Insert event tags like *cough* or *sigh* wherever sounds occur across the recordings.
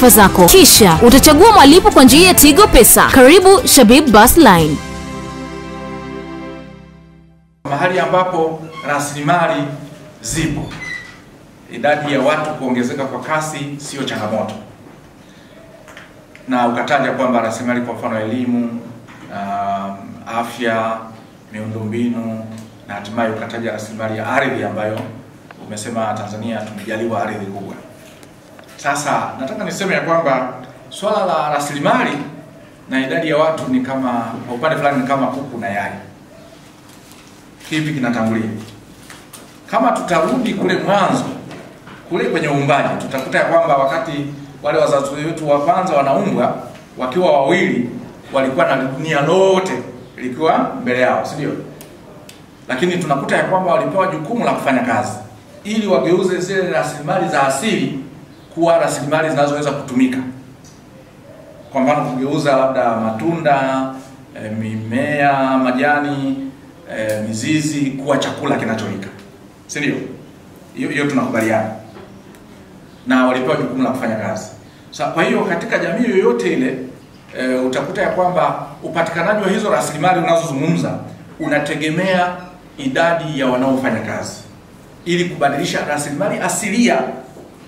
taarifa zako, kisha utachagua mwalipo kwa njia ya Tigo Pesa. Karibu Shabib Bus Line, mahali ambapo rasilimali zipo. Idadi ya watu kuongezeka kwa kasi siyo changamoto, na ukataja kwamba rasilimali, kwa mfano elimu, um, afya, miundombinu na hatimaye ukataja rasilimali ya ardhi ambayo umesema Tanzania tumejaliwa ardhi kubwa. Sasa nataka niseme ya kwamba swala la rasilimali na idadi ya watu ni kama kwa upande fulani ni kama kuku na yai. Kipi kinatangulia? Kama tutarudi kule mwanzo kule kwenye uumbaji, tutakuta ya kwamba wakati wale wazazi wetu wa kwanza wanaumbwa wakiwa wawili, walikuwa na dunia lote likiwa mbele yao, si ndio? Lakini tunakuta ya kwamba walipewa jukumu la kufanya kazi ili wageuze zile rasilimali za asili kuwa rasilimali zinazoweza kutumika, kwa mfano kugeuza labda matunda e, mimea, majani e, mizizi kuwa chakula kinacholika, si ndio? Hiyo hiyo tunakubaliana, na walipewa jukumu la kufanya kazi. So, kwa hiyo katika jamii yoyote ile e, utakuta ya kwamba upatikanaji wa hizo rasilimali unazozungumza unategemea idadi ya wanaofanya kazi ili kubadilisha rasilimali asilia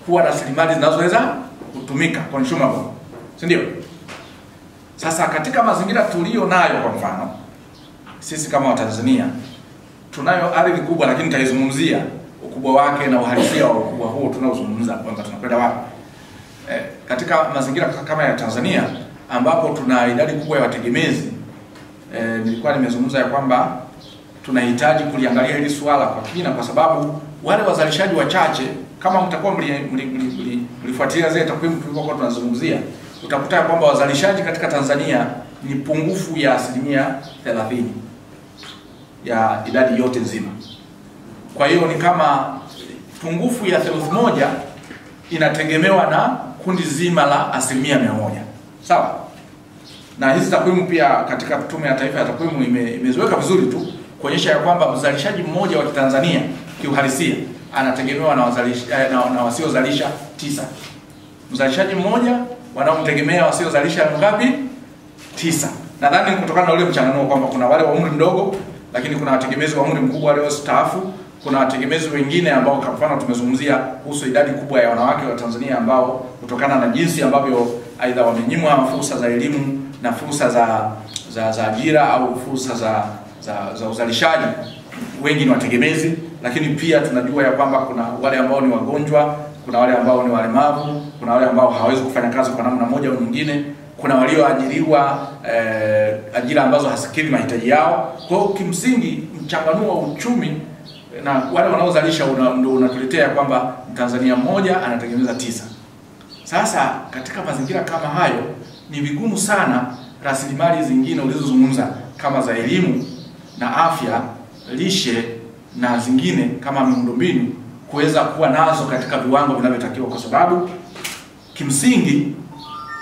kuwa rasilimali zinazoweza kutumika consumable, si ndio? Sasa katika mazingira tuliyo nayo, kwa mfano sisi kama Watanzania tunayo ardhi kubwa, lakini nitaizungumzia ukubwa wake na uhalisia wa ukubwa huo tunaozungumza, kwamba tunakwenda wapi eh, katika mazingira kama ya Tanzania ambapo tuna idadi kubwa ya wategemezi eh, nilikuwa nimezungumza ya kwamba tunahitaji kuliangalia hili swala kwa kina, kwa sababu wale wazalishaji wachache kama mtakuwa mlifuatilia zile takwimu tulizokuwa tunazungumzia, utakuta kwamba wazalishaji katika Tanzania ni pungufu ya asilimia 30 ya idadi yote nzima. Kwa hiyo ni kama pungufu ya theluthi moja inategemewa na kundi zima la asilimia mia moja sawa. Na hizi takwimu pia katika Tume ya Taifa ya Takwimu imeziweka vizuri tu kuonyesha ya kwamba mzalishaji mmoja wa Kitanzania kiuhalisia anategemewa na wazalisha eh, na, na wasiozalisha tisa. Mzalishaji mmoja wanaomtegemea wasiozalisha ngapi? Tisa. Nadhani kutokana na ule mchanganuo kwamba kuna wale wa umri mdogo, lakini kuna wategemezi wa umri mkubwa waliostaafu, kuna wategemezi wengine ambao kwa mfano tumezungumzia kuhusu idadi kubwa ya wanawake wa Tanzania ambao kutokana na jinsi ambavyo aidha wamenyimwa fursa za elimu na fursa za za, za ajira au fursa za, za, za uzalishaji, wengi ni wategemezi lakini pia tunajua ya kwamba kuna wale ambao ni wagonjwa, kuna wale ambao ni walemavu, kuna wale ambao hawawezi kufanya kazi kwa namna moja au nyingine, kuna walioajiriwa eh, ajira ambazo hasikili mahitaji yao. Kwa hiyo kimsingi mchanganuo wa uchumi eh, na wale wanaozalisha una, ndio unatuletea kwamba Mtanzania mmoja anategemeza tisa. Sasa katika mazingira kama hayo ni vigumu sana rasilimali zingine ulizozungumza kama za elimu na afya, lishe na zingine kama miundombinu kuweza kuwa nazo katika viwango vinavyotakiwa, kwa sababu kimsingi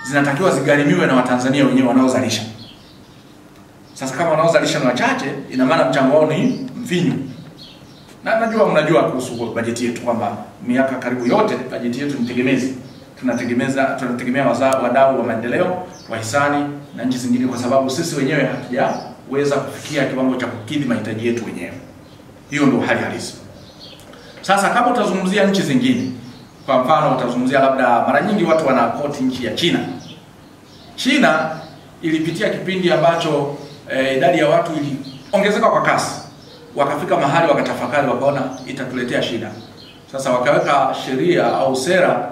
zinatakiwa zigharimiwe na Watanzania wenyewe wanaozalisha. Sasa kama wanaozalisha ni wachache, ina maana mchango wao ni mfinyu, na najua mnajua kuhusu bajeti yetu kwamba miaka karibu yote bajeti yetu ni tegemezi. Tunategemeza, tunategemea wadau wa maendeleo, wahisani na nchi zingine, kwa sababu sisi wenyewe hatujaweza kufikia kiwango cha kukidhi mahitaji yetu wenyewe. Hiyo ndio hali halisi. Sasa kama utazungumzia nchi zingine, kwa mfano utazungumzia labda, mara nyingi watu wanakoti nchi ya China. China ilipitia kipindi ambacho e, idadi ya watu iliongezeka kwa kasi, wakafika mahali wakatafakari, wakaona itatuletea shida. Sasa wakaweka sheria au sera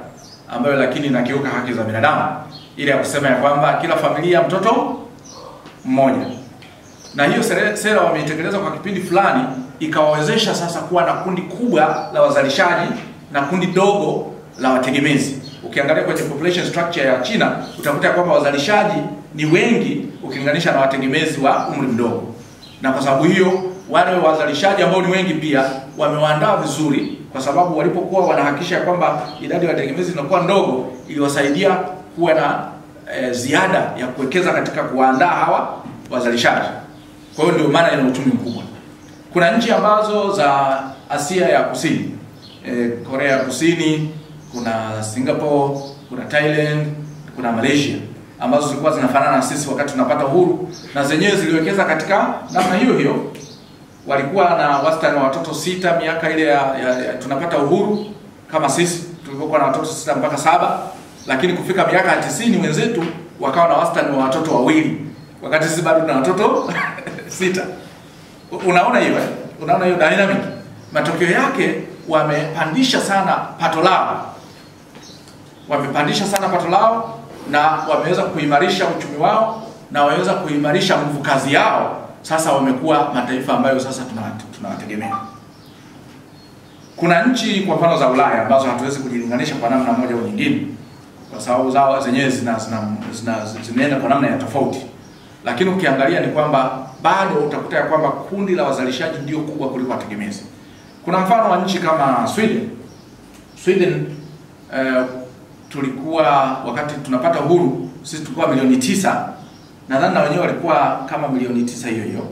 ambayo lakini inakiuka haki za binadamu, ile ya kusema ya kwamba kila familia mtoto mmoja, na hiyo sera, sera wameitekeleza kwa kipindi fulani ikawawezesha sasa kuwa na kundi kubwa la wazalishaji na kundi dogo la wategemezi. Ukiangalia kwenye population structure ya China utakuta kwamba wazalishaji ni wengi ukilinganisha na wategemezi wa umri mdogo, na kwa sababu hiyo wale wazalishaji ambao ni wengi pia wamewaandaa vizuri, kwa sababu walipokuwa wanahakikisha kwamba idadi ya wategemezi inakuwa ndogo, iliwasaidia kuwa na e, ziada ya kuwekeza katika kuwaandaa hawa wazalishaji. Kwa hiyo ndio maana ina uchumi mkubwa. Kuna nchi ambazo za Asia ya Kusini, e, Korea ya Kusini, kuna Singapore, kuna Thailand, kuna Malaysia ambazo zilikuwa zinafanana na sisi wakati tunapata uhuru, na zenyewe ziliwekeza katika namna hiyo hiyo. Walikuwa na wastani wa watoto sita miaka ile ya, ya, ya tunapata uhuru kama sisi tulivyokuwa na watoto sita mpaka saba, lakini kufika miaka ya tisini wenzetu wakawa na wastani wa watoto wawili, wakati sisi bado tuna watoto *laughs* sita. Unaona hiyo eh? unaona hiyo dynamic. Matokeo yake wamepandisha sana pato lao, wamepandisha sana pato lao na wameweza kuimarisha uchumi wao na wameweza kuimarisha nguvu kazi yao. Sasa wamekuwa mataifa ambayo sasa tunawategemea. Tuna kuna nchi kwa mfano za Ulaya ambazo hatuwezi kujilinganisha kwa namna moja au nyingine, kwa sababu zao zenyewe zina zinaenda zina, zina, zina, kwa namna ya tofauti lakini ukiangalia ni kwamba bado utakuta ya kwamba kundi la wazalishaji ndio kubwa kuliko wategemezi. Kuna mfano wa nchi kama Sweden. Sweden uh, tulikuwa wakati tunapata uhuru sisi tulikuwa milioni tisa, nadhani na wenyewe walikuwa kama milioni tisa hiyo hiyo.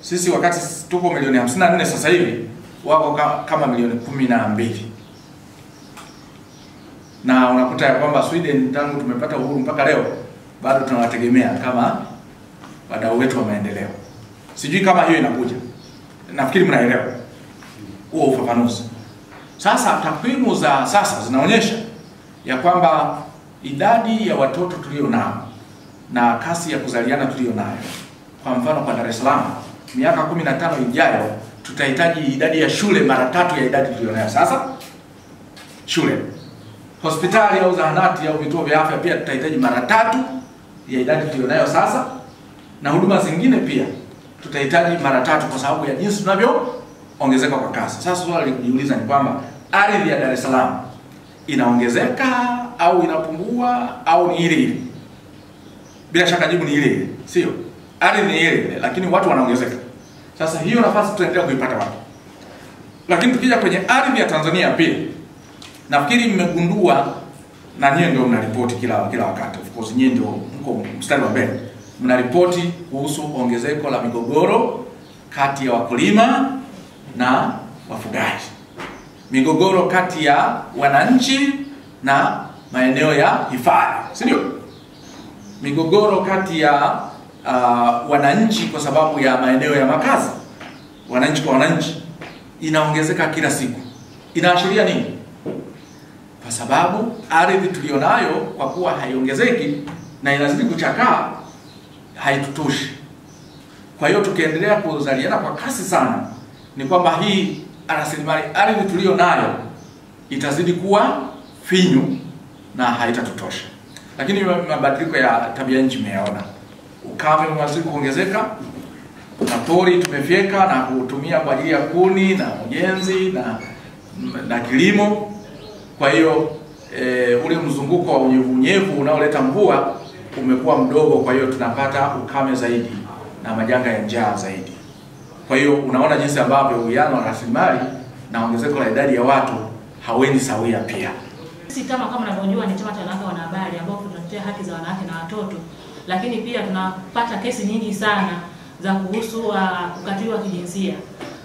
Sisi wakati tuko milioni 54 sasa hivi wako kama milioni kumi na mbili na unakuta ya kwamba Sweden tangu tumepata uhuru mpaka leo bado tunawategemea kama wadau wetu wa maendeleo. Sijui kama hiyo inakuja, nafikiri mnaelewa huo ufafanuzi. Sasa takwimu za sasa zinaonyesha ya kwamba idadi ya watoto tulio nao na kasi ya kuzaliana tulio nayo, kwa mfano kwa Dar es Salaam, miaka 15 ijayo tutahitaji idadi ya shule mara tatu ya idadi tulionayo sasa. Shule, hospitali au zahanati au vituo vya afya pia tutahitaji mara tatu ya idadi tulionayo sasa, na huduma zingine pia tutahitaji mara tatu kwa sababu ya jinsi tunavyoongezeka kwa kasi. Sasa swali la ni kwamba ardhi ya Dar es Salaam inaongezeka au inapungua au ni ile ile? Bila shaka jibu ni ile ile, sio? Ardhi ni ile ile, lakini watu wanaongezeka. Sasa hiyo nafasi tutaendelea kuipata wapi? Lakini tukija kwenye ardhi ya Tanzania pia, nafikiri mmegundua na nyewe ndio mnaripoti kila kila wakati. Of course nyewe ndio mko mstari wa mbele, mnaripoti kuhusu ongezeko la migogoro kati ya wakulima na wafugaji, migogoro kati ya wananchi na maeneo ya hifadhi, si ndio? Migogoro kati ya uh, wananchi kwa sababu ya maeneo ya makazi, wananchi kwa wananchi, inaongezeka kila siku. Inaashiria nini? kwa sababu ardhi tuliyonayo kwa kuwa haiongezeki na inazidi kuchakaa haitutoshi. Kwa hiyo tukiendelea kuzaliana kwa kasi sana, ni kwamba hii rasilimali ardhi tuliyo nayo itazidi kuwa finyu na haitatutosha. Lakini mabadiliko ya tabia nchi meyaona, ukame umezidi kuongezeka na pori tumefyeka na kutumia kwa ajili ya kuni na ujenzi na, na kilimo kwa hiyo e, ule mzunguko wa unyevunyevu unaoleta mvua umekuwa mdogo, kwa hiyo tunapata ukame zaidi na majanga ya njaa zaidi. Kwa hiyo unaona jinsi ambavyo uwiano wa rasilimali na ongezeko la idadi ya watu hawendi sawia. Pia sisi kama kama unavyojua ni chama cha wanawake wanahabari, ambao tunatetea haki za wanawake na watoto, lakini pia tunapata kesi nyingi sana za kuhusu uh, ukatili wa kijinsia.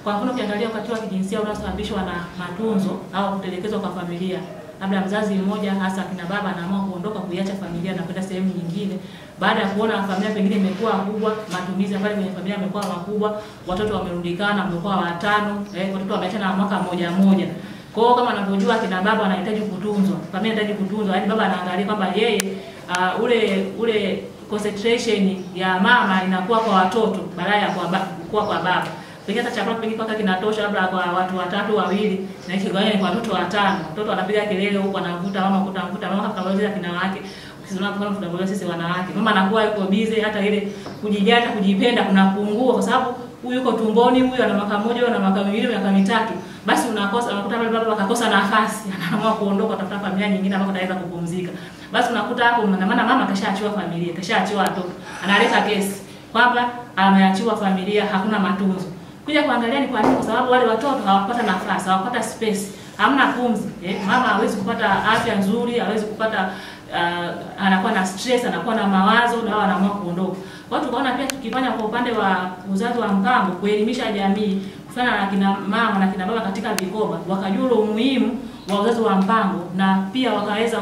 Kwa mfano ukiangalia ukatili wa kijinsia unaosababishwa na matunzo au kutelekezwa kwa familia, labda mzazi mmoja hasa kina baba anaamua kuondoka kuiacha familia na kwenda sehemu nyingine, baada ya kuona familia pengine imekuwa kubwa, matumizi ambayo kwenye familia yamekuwa makubwa, watoto wamerundikana, wamekuwa watano, eh, watoto wameachana na mwaka mmoja mmoja. Kwa hiyo kama anavyojua kina baba anahitaji kutunzwa, familia inahitaji kutunzwa, yaani baba anaangalia kwamba yeye uh, ule ule concentration ya mama inakuwa kwa watoto badala ya kwa, ba, kwa baba. Lakini hata chakula pengine kwake kinatosha labda kwa watu watatu wawili, na kigawanya kwa watoto watano. Mtoto anapiga kelele huko anavuta mama kuta mkuta mama kakamaliza kina wake. Ukizona kwa tunamwona sisi wanawake. Mama anakuwa yuko busy hata ile kujijata kujipenda kunapungua kwa sababu huyu yuko tumboni, huyu ana mwaka mmoja, ana mwaka miwili, miaka mitatu. Basi unakosa unakuta pale baba akakosa nafasi, *laughs* anaamua kuondoka kutafuta familia nyingine ambayo ataweza kupumzika. Basi unakuta hapo, maana mama kashaachiwa familia, kashaachiwa watoto, analeta kesi kwamba ameachiwa familia, hakuna matunzo kuja kuangalia ni kwa nini, kwa sababu wale watoto hawakupata nafasi, hawakupata space, hamna pumzi eh. Mama hawezi kupata afya nzuri, hawezi kupata uh, anakuwa na stress, anakuwa na mawazo, na wao wanaamua kuondoka. Kwa hiyo tukaona pia tukifanya kwa upande wa uzazi wa mpango, kuelimisha jamii, kufanya na kina mama na kina baba katika vikoba, wakajua umuhimu wa uzazi wa mpango na pia wakaweza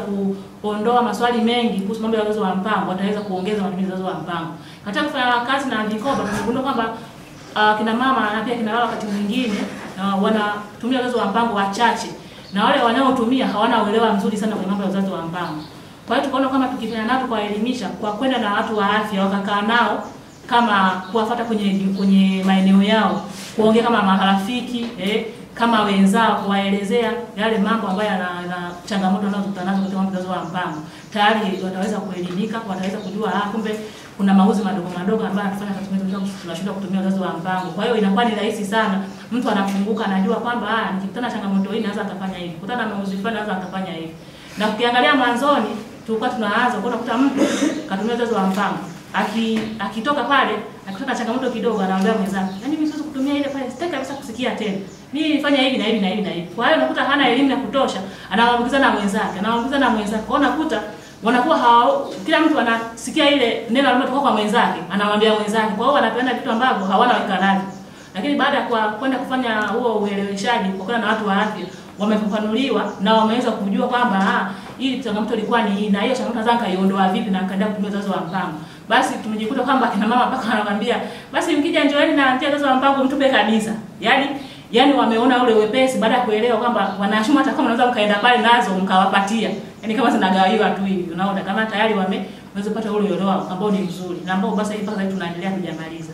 kuondoa maswali mengi kuhusu mambo ya uzazi wa mpango, wataweza kuongeza matumizi ya uzazi wa mpango. Katika kufanya kazi na vikoba, tumegundua kwamba uh, kina mama na pia kina baba wakati mwingine uh, wanatumia uzazi wa mpango wachache, na wale wanaotumia hawana uelewa mzuri sana kwa mambo ya uzazi wa mpango. Kwa hiyo tukaona kama tukifanya nao kuwaelimisha kwa kwenda na watu wa afya wakakaa nao kama kuwafata kwenye kwenye maeneo yao, kuongea kama marafiki eh, kama wenzao, kuwaelezea yale mambo ambayo yana na changamoto wanazokutana nazo katika uzazi wa mpango, tayari wataweza kuelimika, wataweza kujua ah, kumbe kuna mauzo madogo madogo ambayo anafanya kwa tunashindwa kutumia uzazi wa mpango. Kwa hiyo inakuwa ni rahisi sana, mtu anafunguka, anajua kwamba ah, nikikutana changamoto hii naweza akafanya hivi, kutana na mauzo fulani naweza akafanya hivi. Na ukiangalia mwanzoni tulikuwa tunaanza, kwa unakuta mtu katumia uzazi wa mpango aki akitoka pale akitoka changamoto kidogo, anaambia mwenzake, yaani mimi siwezi kutumia ile pale, sitaki kabisa kusikia tena, mimi nifanya hivi na hivi na hivi na hivi. Kwa hiyo unakuta hana elimu ya kutosha, anawaambukiza na mwenzake, anawaambukiza na mwenzake, kwa unakuta wanakuwa hawa, kila mtu anasikia ile neno linalotoka kwa mwenzake, anamwambia mwenzake. Kwa hiyo wanapenda vitu ambavyo hawana weka Lakini baada ya kwa kwenda kufanya huo ueleweshaji kwa kuna na watu wa afya, wamefafanuliwa na wameweza kujua kwamba ah, hii changamoto ilikuwa ni hii na hiyo changamoto zanga iondoa vipi na kaenda kutumia uzazi wa mpango. Basi tumejikuta kwamba kina mama mpaka wanamwambia basi mkija njoeni na mtia uzazi wa mpango mtupe kabisa. Yaani yaani wameona ule wepesi baada ya kuelewa kwamba wanashuma hata kama mnaweza mkaenda pale nazo mkawapatia yani kama zinagawiwa tu hivi, unaona kama tayari wameweza kupata ule uelewa ambao ni mzuri na ambao basi mpaka sasa tunaendelea kujamaliza.